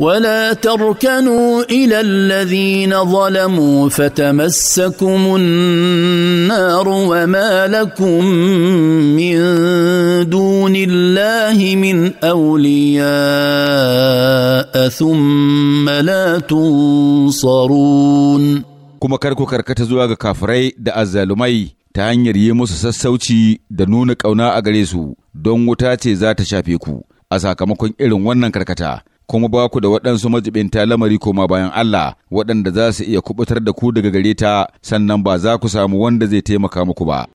ولا تركنوا الى الذين ظلموا فتمسكم النار وما لكم من دون الله من اولياء ثم لا تنصرون kuma kar ku karkata zuwa ga kafirai da azzalumai ta hanyar yi musu sassauci da nuna ƙauna a gare su don wuta ce za ta shafe ku a sakamakon irin wannan karkata kuma ba ku da waɗansu majibinta lamari koma bayan Allah waɗanda za su iya kubutar da ku daga gare ta sannan ba za ku samu wanda zai taimaka muku ba.